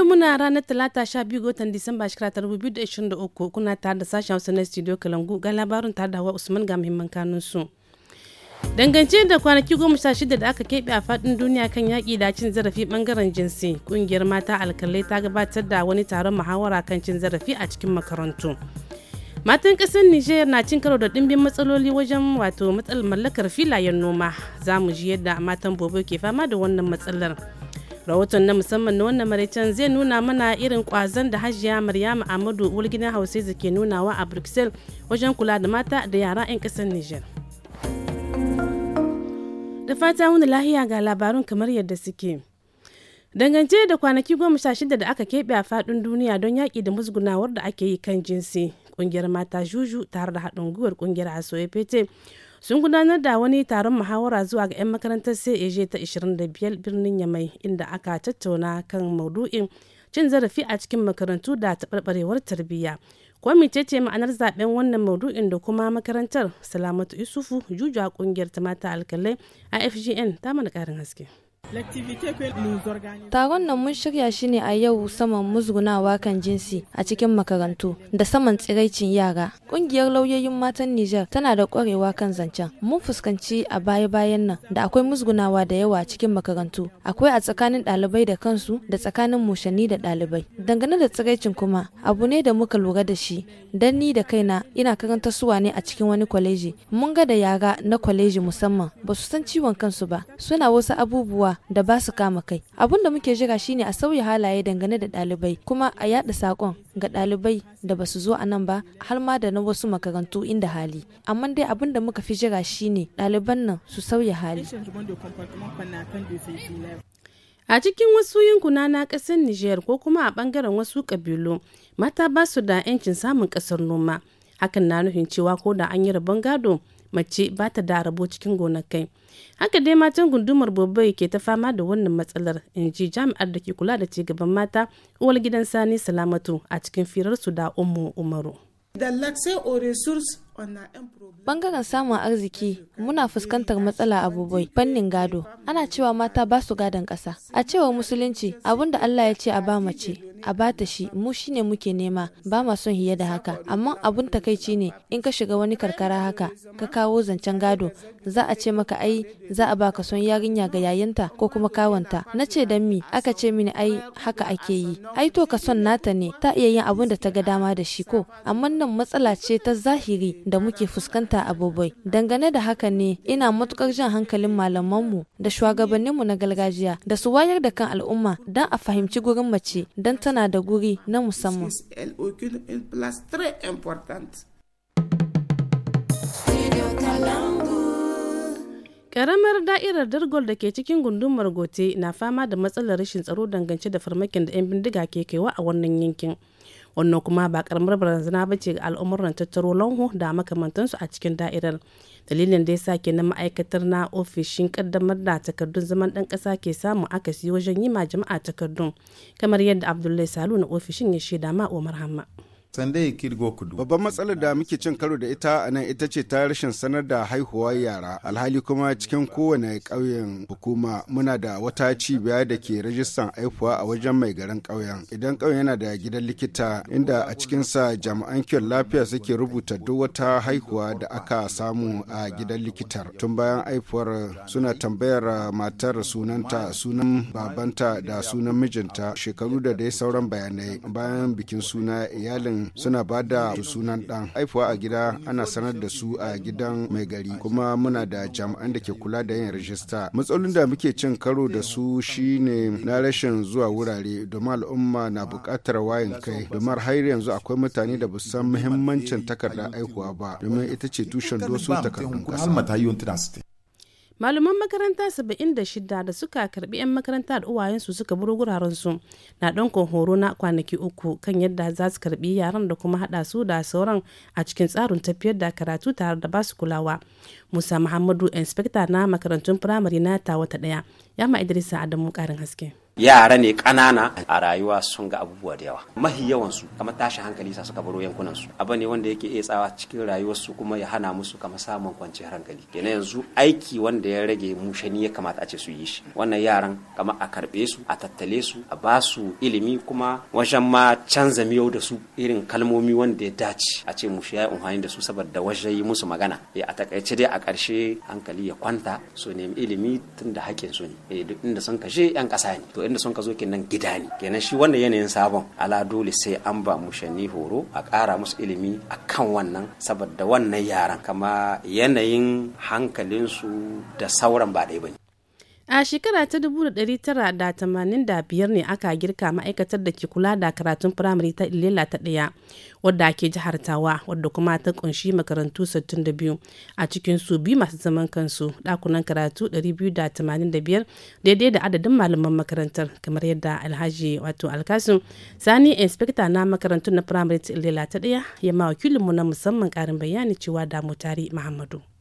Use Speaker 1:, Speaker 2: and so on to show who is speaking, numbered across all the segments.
Speaker 1: Yau muna ranar Talata 12 ga watan Disamba shekara ta uku kuna tare da sashen Hausa na Studio Kalangu ga labarin tare da Hawa Usman ga muhimman kanun su. Dangance da kwanaki goma sha shida da aka keɓe a faɗin duniya kan yaƙi da cin zarafi ɓangaren jinsi, ƙungiyar mata alkalai ta gabatar da wani taron muhawara kan cin zarafi a cikin makarantu. Matan ƙasar Nijar na cin karo da ɗimbin matsaloli wajen wato matsalar mallakar filayen noma. Za mu ji yadda matan bobo ke fama da wannan matsalar. rahoton na musamman na wannan maraicen zai nuna mana irin kwazon da hajiya maryama amadu wulginan hausa ke nunawa a bruxelles wajen kula da mata da yara 'yan kasar niger da fata wani lahiya ga labarun kamar yadda suke dangance da kwanaki goma sha shida da aka keɓe a faɗin duniya don yaƙi da musgunawar da ake yi kan jinsi ƙungiyar mata juju tare da haɗin gwiwar ƙungiyar aso sun gudanar da wani taron muhawara zuwa ga 'yan makarantar CAG ta 25 birnin Yamai inda aka tattauna kan maudu'in cin zarafi a cikin makarantu da taɓarɓarewar tarbiyya. Ko ce ma'anar zaben wannan maudu'in da kuma makarantar Salamatu Juju jujuwa ƙungiyar ta mata alkalai a FGN ta mana ƙarin
Speaker 2: haske. Taron nan mun shirya shi ne a yau saman musgunawa kan jinsi a cikin makarantu da saman tsiraicin yara. Ƙungiyar lauyoyin matan Nijar tana da ƙwarewa kan zancen. Mun fuskanci a baya-bayan nan da akwai musgunawa da yawa a cikin makarantu. Akwai a tsakanin ɗalibai da kansu da tsakanin mushani da ɗalibai. Dangane da tsiraicin kuma abu ne da muka lura da shi. Dan ni da kaina ina karanta suwa ne a cikin wani kwaleji. Mun ga da yara na kwaleji musamman ba su san ciwon kansu ba. Suna wasu abubuwa yawa da ba su kama kai abun da muke jira shine a sauya halaye dangane da ɗalibai kuma a yada sakon ga ɗalibai da ba su zo a nan ba har ma da na wasu makarantu inda hali amma dai abun da muka fi jira shine ɗaliban nan su sauya hali
Speaker 1: a cikin wasu yankuna na ƙasar niger ko kuma a ɓangaren wasu ƙabilu mata ba su da 'yancin samun ƙasar noma hakan na nufin cewa ko da an yi rabon gado mace ba ta da rabo cikin gonakai haka dai matan gundumar bobai ke ta fama da wannan matsalar in ji jami'ar da ke kula da ci gaban mata uwar gidan sani
Speaker 2: salamatu a cikin firarsu da ummu umaru Bangaren samun arziki muna fuskantar matsala a abubuwai fannin gado ana cewa mata ba su gadon ƙasa a cewar musulunci abinda Allah ya ce a ba mace a bata shi mu shine muke nema ba ma son hiye da haka amma abun takaici ne in ka shiga wani karkara haka ka kawo zancen gado za a ce maka ai za a baka son yarinya ga yayinta ko kuma kawanta na ce dan mi aka ce mini ai haka ake yi ai to ka son nata ne ta iya yin abun da ta ga dama da shi ko amma nan matsala ce ta zahiri da muke fuskanta a boboi dangane da haka ne ina matukar jan hankalin malamanmu da shugabanninmu na gargajiya da su wayar da kan al'umma don a fahimci gurin mace don ta tana da guri na musamman.
Speaker 1: Karamar da'irar Dargol da ke cikin gundumar Gote na fama da matsalar rashin tsaro dangance da farmakin da 'yan bindiga ke kaiwa a wannan yankin. wannan kuma ba karamar barazana ba ce ga al'umuran tattaro lanho da makamantansu a cikin da'irar dalilin da ya sa kenan ma'aikatar na ofishin kaddamar da takardun zaman dan kasa ke samun akasi wajen yi ma jama'a takardun kamar yadda abdullahi salu na ofishin ya shaida ma umar hamma
Speaker 3: kirgo kudu. Babban matsalar da muke cin karo da ita a nan ita ce ta rashin sanar da haihuwar yara. Alhali kuma cikin kowane ƙauyen hukuma muna da wata cibiya da ke rajistan haihuwa a wajen mai garin ƙauyen. Idan ƙauyen yana da gidan likita inda a cikinsa jami'an kiwon lafiya suke rubuta duk wata haihuwa da aka samu a gidan likitar. Tun bayan haihuwar suna tambayar matar sunanta, sunan babanta da sunan mijinta, shekaru da dai sauran bayanai. Bayan bikin suna iyalin suna ba da sunan ɗan haifuwa a gida ana sanar da su a gidan mai gari kuma muna da jami'an da ke kula da yin rajista matsalolin da muke cin karo da su shine na rashin zuwa wurare domin al'umma na buƙatar wayan kai domin har yanzu akwai mutane da ba san muhimmancin takardar aikuwa ba domin ita ce tushen dosu takardun ƙasa
Speaker 1: malaman makaranta 76 da suka karbi 'yan makaranta da uwayensu suka buru su na ɗankon horo na kwanaki uku kan yadda za su karbi yaran da kuma haɗa su da sauran a cikin tsarin tafiyar da karatu tare da basu kulawa musa muhammadu inspector na makarantun firamare na ta wata ɗaya ma idrisa adamu ƙarin haske
Speaker 4: yara ne ƙanana a rayuwa sun ga abubuwa da yawa mahi yawan su kamar tashin hankali sa suka baro yankunan su abu ne wanda yake iya tsawa cikin rayuwar su kuma ya hana musu kamar samun kwanciyar hankali kenan yanzu aiki wanda ya rage mushani ya kamata a ce su yi shi wannan yaran kamar a karbe su a tattale su a ba su ilimi kuma wajen ma canza miyau da su irin kalmomi wanda ya dace a ce mushi ya umfani da su saboda wajen yi musu magana ya eh, a takaice dai a ƙarshe hankali ya kwanta su nemi ilimi tun da haƙƙin su ne eh, duk inda sun kashe yan ƙasa ne to inda son ka zo kenan gida ne kenan shi wannan yanayin sabon ala dole sai an ba mu shani horo a ƙara musu ilimi a kan wannan saboda wannan yaran kama yanayin hankalinsu da sauran ba ɗaya bane
Speaker 1: A shekara ta 1985 ne aka girka ma'aikatar da ke kula da karatun firamare ta Ilela ta ɗaya wadda ke jihar Tawa wadda kuma ta ƙunshi makarantu 62 a cikin su biyu masu zaman kansu ɗakunan karatu 285 daidai da adadin malaman makarantar kamar yadda Alhaji wato Alkasim Sani inspector na makarantun na firamare ta Ilela ta ɗaya ya ma wakilinmu na musamman ƙarin bayani cewa damu tari Muhammadu.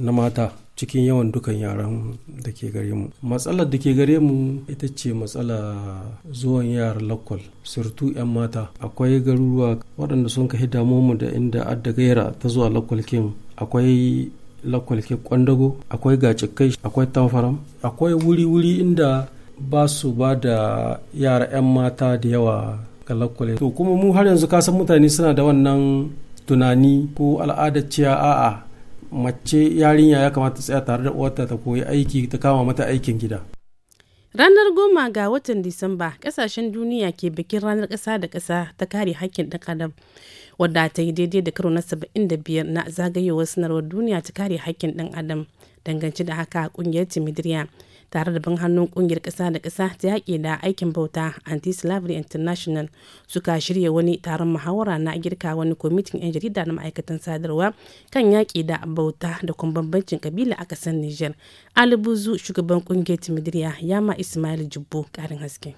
Speaker 4: na mata cikin yawan dukan yaran da ke gare mu matsalar da ke gare mu ita ce matsala zuwan yara lakwal surtu 'yan mata akwai garuruwa waɗanda sun kai damu mu da inda adda gaira ta zuwa lakwal kin akwai lakwal kim kwandago akwai gacikai akwai tamfaram akwai wuri-wuri inda ba su ba da yara 'yan mata da yawa ga lakwal to kuma mu har yanzu kasan mutane suna da wannan tunani ko al'adar cewa a'a mace yarinya ya kamata tsaya tare da uwarta ta koyi aiki ta kama mata aikin gida
Speaker 1: Ranar goma ga watan Disamba, kasashen duniya ke bikin ranar ƙasa da ƙasa ta kare haƙƙin ɗan adam wadda ta yi daidai da karo na 75 na zagayowar sanarwar duniya ta kare haƙƙin ɗan adam. Dangance da haka a ƙungiyar Timidiriya tare da ban hannun kungiyar ƙasa da ƙasa ta yaƙi da aikin bauta anti-slavery international suka shirya wani taron muhawara na girka wani kwamitin 'yan jarida na ma'aikatan sadarwa kan yaƙi da bauta da kuma bambancin kabila a ƙasar niger alibuzu shugaban kungiyar timidiriya yama ismail jibbo ƙarin haske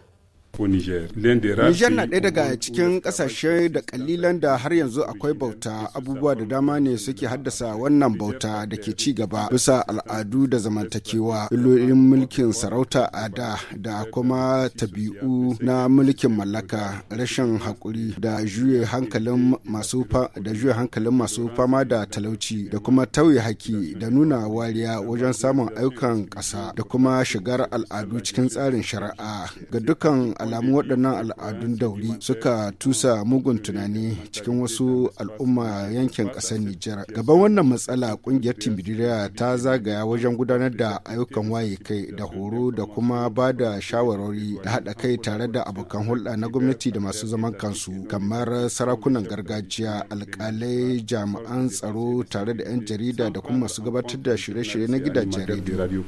Speaker 3: ko Niger. Niger na ɗaya daga cikin ƙasashe da ƙalilan da har yanzu akwai bauta abubuwa da dama ne suke haddasa wannan bauta da ke ci gaba bisa al'adu da zamantakewa illolin mulkin sarauta a da da kuma tabi'u na mulkin mallaka rashin haƙuri da juye hankalin masu da juye hankalin masu fama da talauci da kuma tauye haki da nuna wariya wajen samun ayyukan ƙasa da kuma shigar al'adu cikin tsarin shari'a ga dukkan alamu waɗannan al'adun dauri suka tusa mugun tunani cikin wasu al'umma yankin ƙasar Nijar. Gaban wannan matsala ƙungiyar Timbiriya ta zagaya wajen gudanar da ayyukan waye kai da horo da kuma ba da shawarwari da haɗa kai tare da abokan hulɗa na gwamnati da masu zaman kansu kamar sarakunan gargajiya alƙalai jami'an tsaro tare da 'yan jarida da kuma masu gabatar da shirye-shirye na gidajen rediyo.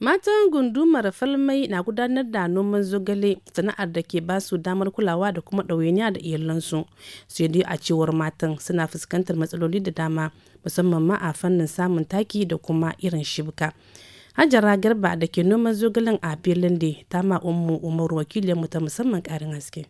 Speaker 1: Matan gundumar falmai na gudanar da noman zogale sana'ar da ke ba su damar kulawa da kuma ɗawainiya da iyalansu sai dai a cewar matan suna fuskantar matsaloli da dama musamman ma a fannin samun taki da kuma irin shibka. Hajara Garba da ke noman zogalen a filin da ta ma umu Umaru wakilinmu ta musamman ƙarin haske.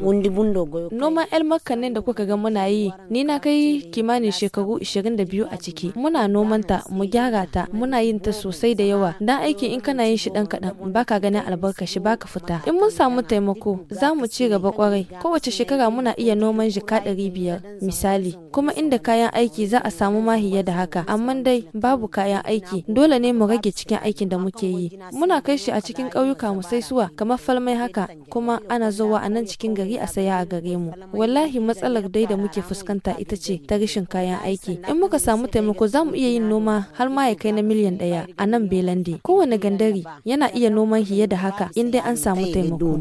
Speaker 1: wundi bundo
Speaker 2: noman el makannin da kuka ga muna yi ni na kai kimanin shekaru 22 a ciki muna noman ta mu gyara ta muna yin ta sosai da yawa dan aiki in kana yin shi dan kadan baka ganin albarkashi baka fita in mun samu taimako za mu ci gaba kwarai kowace shekara muna iya noman jika 500 misali kuma inda kayan aiki za a samu mahiya da haka amma dai babu kayan aiki dole ne mu rage cikin aikin da muke yi muna kai shi a cikin ƙauyuka mu sai suwa kamar falmai haka kuma ana zuwa a nan cikin gari gari a saya a gare mu wallahi matsalar dai da muke fuskanta ita ce ta rashin kayan aiki in muka samu taimako za mu iya yin noma har ma ya kai na miliyan ɗaya a nan belande kowane gandari yana iya noman hiye da haka in dai an samu taimako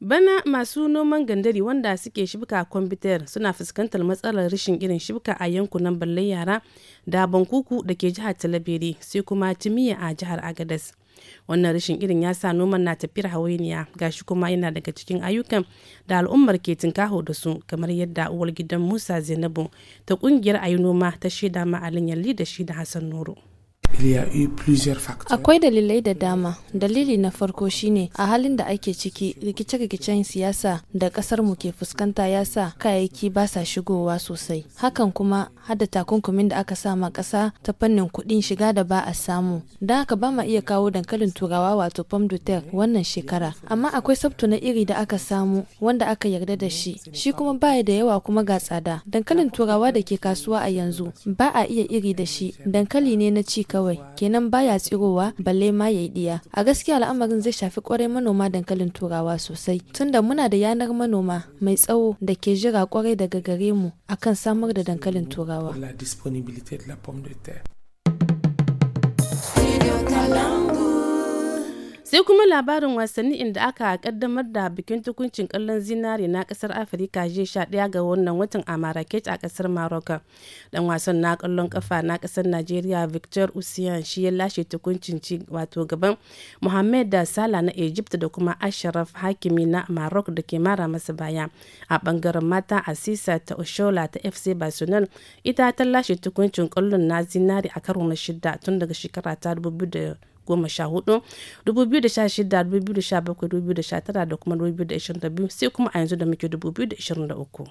Speaker 2: bana masu
Speaker 1: noman gandari wanda suke shibka kwamfutar suna fuskantar matsalar rashin irin shibka a yankunan ballen yara da bankuku da ke jihar talabere sai kuma timiya a jihar agadas wannan rashin irin ya sa noman na tafiyar hawainiya gashi kuma yana daga cikin ayyukan da al'ummar ke tinkaho da su kamar yadda uwar gidan musa zainabu ta kungiyar ayi noma
Speaker 2: ta shaida ma alin yalli da shi da hassan noro. Akwai dalilai da dama. Dalili na farko shine a halin da ake ciki rikice-rikicen siyasa da kasar mu ke fuskanta ya sa kayayyaki ba sa shigowa sosai. Hakan kuma hada takunkumin da aka sama kasa ta fannin kudin shiga da ba a samu. Da haka ba ma iya kawo dankalin turawa wato pom wannan shekara. Amma akwai sabtu na iri da aka samu wanda aka yarda da shi. Shi kuma baya da yawa kuma ga tsada. Dankalin turawa da ke kasuwa a yanzu ba a iya iri da shi. Dankali ne na ci kawai. kawai kenan baya tsirowa balle ma yi diya a gaskiya al'amarin zai shafi kwarai manoma dankalin turawa sosai tunda muna da yanar manoma mai tsawo da ke jira kwarai daga gare mu akan samar da dankalin turawa
Speaker 1: sai kuma labarin wasanni inda aka kaddamar da bikin tukuncin kallon zinare na kasar afirka jiya sha daya ga wannan watan a marrakech a kasar maroka dan wasan na kallon kafa na kasar nigeria victor usian shi ya lashe tukuncin ci wato gaban mohammed da sala na egypt da kuma ashraf hakimi na maroc da ke mara masa baya a bangaren mata asisa ta oshola ta fc barcelona ita ta lashe tukuncin kallon na zinare a karo na shida tun daga shekara ta 2000 goma sha hudu dubu biyu da sha shida dubu biyu da sha bakwai dubu biyu da sha tara da kuma dubu biyu da ashirin da biyu sai kuma a yanzu da muke dubu biyu da ashirin da uku.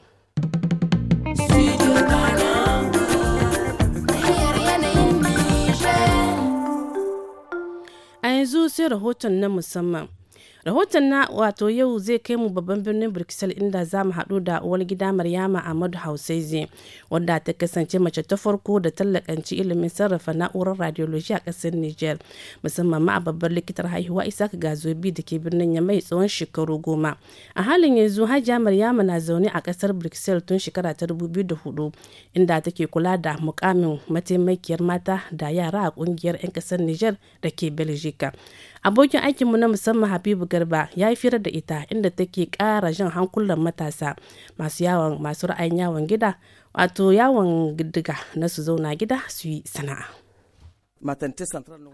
Speaker 1: a yanzu sai rahoton na musamman rahoton na wato yau zai kai mu babban birnin Brixel inda za mu haɗu da uwar gida Maryama Ahmadu Hausaize wadda ta kasance mace ta farko da tallakanci ilimin sarrafa na'urar radiology a ƙasar Niger musamman ma a babbar likitar haihuwa Isaac Gazobi da ke birnin Yamai tsawon shekaru goma. A halin yanzu Hajiya Maryama na zaune a ƙasar Brixel tun shekara ta dubu biyu da hudu inda take kula da mukamin mataimakiyar mata da yara a ƙungiyar 'yan ƙasar Niger da ke Belgium. Abokin aikinmu na musamman Habibu Garba ya yi firar da ita inda take kara jan hankulan matasa masu yawon masu ra'ayin yawon gida wato yawon diga na su zauna gida su yi sana'a.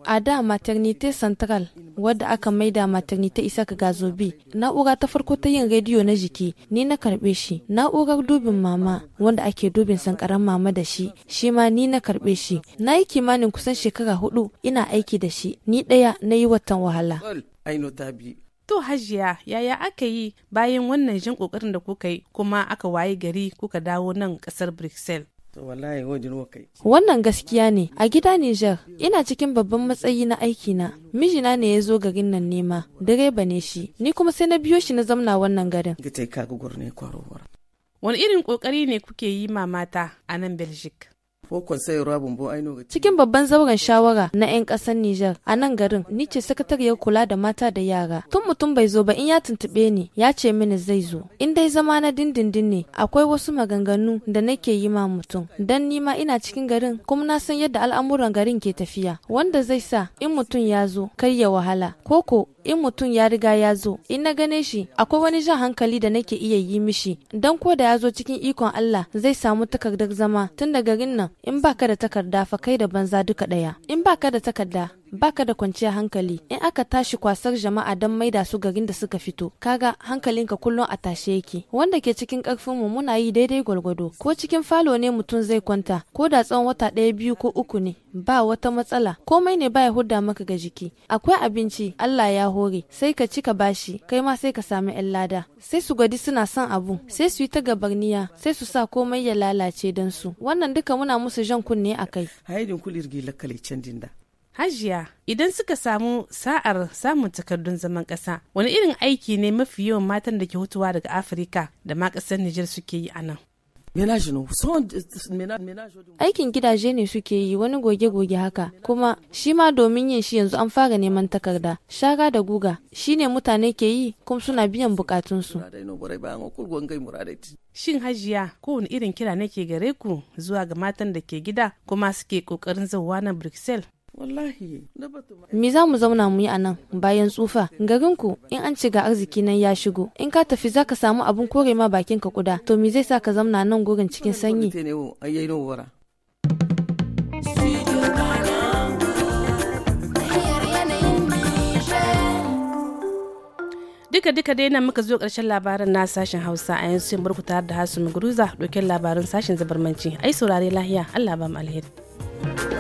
Speaker 2: A da maternité central wadda aka maida maternité Isaka Gazobi, na'ura ta farko ta yin rediyo na jiki ni na karbe shi. Na'urar dubin mama wanda ake dubin sankaran mama da shi, shi ma ni na karbe shi. Na yi kimanin kusan shekara hudu ina aiki da shi, ni daya na yi watan wahala.
Speaker 1: To hajiya yaya aka yi bayan wannan jin kokarin da kuka yi kuma aka waye gari kuka dawo nan kasar Brussels?
Speaker 2: Wannan gaskiya ne a gida Nijar ina cikin babban matsayi na aiki na mijina ne ya zo garin nan nema direba ne shi ni kuma sai na biyo shi na zamna wannan garin.
Speaker 1: Wani irin kokari ne kuke yi ma mata a nan Belgique?
Speaker 2: Cikin babban zauren shawara na 'yan ƙasar Nijar a nan garin, ni ce sakatariyar kula da mata da yara. Tun mutum bai zo ba in ya tuntuɓe ni, ya ce mini zai zo. In dai zama na dindindin ne, akwai wasu maganganu da nake yi ma mutum. Dan ni ma ina cikin garin, kuma na san yadda al'amuran garin ke tafiya. Wanda zai sa in mutum ya zo, kai ya wahala. Koko in mutum ya riga ya zo, in na gane shi, akwai wani jan hankali da nake iya yi mishi. Dan ko da ya zo cikin ikon Allah, zai samu takardar zama tun da garin nan in baka da takarda fa kai da banza duka ɗaya in baka da takarda baka da kwanciyar hankali in aka tashi kwasar jama'a don maida su garin da suka fito kaga hankalinka kullum a tashe yake wanda ke cikin karfin mu muna yi daidai gwargwado ko cikin falo ne mutum zai kwanta ko da tsawon wata ɗaya biyu ko uku ne ba wata matsala komai ne baya hudda maka ga jiki akwai abinci Allah ya hore sai ka ci ka bashi kai ma sai ka sami yan lada sai su gwadi suna son abu sai su yi ta gabarniya sai su sa komai ya lalace don su wannan duka muna musu jan kunne a kai
Speaker 1: haidin kulirgi can dinda
Speaker 2: Hajiya idan suka samu
Speaker 1: sa'ar samun takardun zaman ƙasa wani irin aiki ne mafi yawan matan da ke hutuwa daga Afirka da ma ƙasar Nijar suke yi a nan.
Speaker 2: Aikin gidaje ne suke yi wani goge-goge haka kuma shi ma domin yin shi yanzu an fara neman takarda shaga da guga shi ne mutane ke yi kuma suna biyan bukatunsu.
Speaker 1: Shin hajiya kowane irin kira nake gare ku zuwa ga matan da ke gida kuma suke kokarin zauwa na Bruxelles.
Speaker 2: wallahi me za mu zauna mu yi a nan bayan tsufa garinku in an ci ga arziki nan ya shigo in ka tafi za ka samu abun kore ma bakin ka kuda to mi zai sa ka zauna nan gurin cikin sanyi
Speaker 1: duka duka dai na muka zo karshen labarin na sashen hausa a yanzu yin burku tare da hasu guruza dokin labarin sashen zabarmanci ai saurare lahiya allah ba mu alheri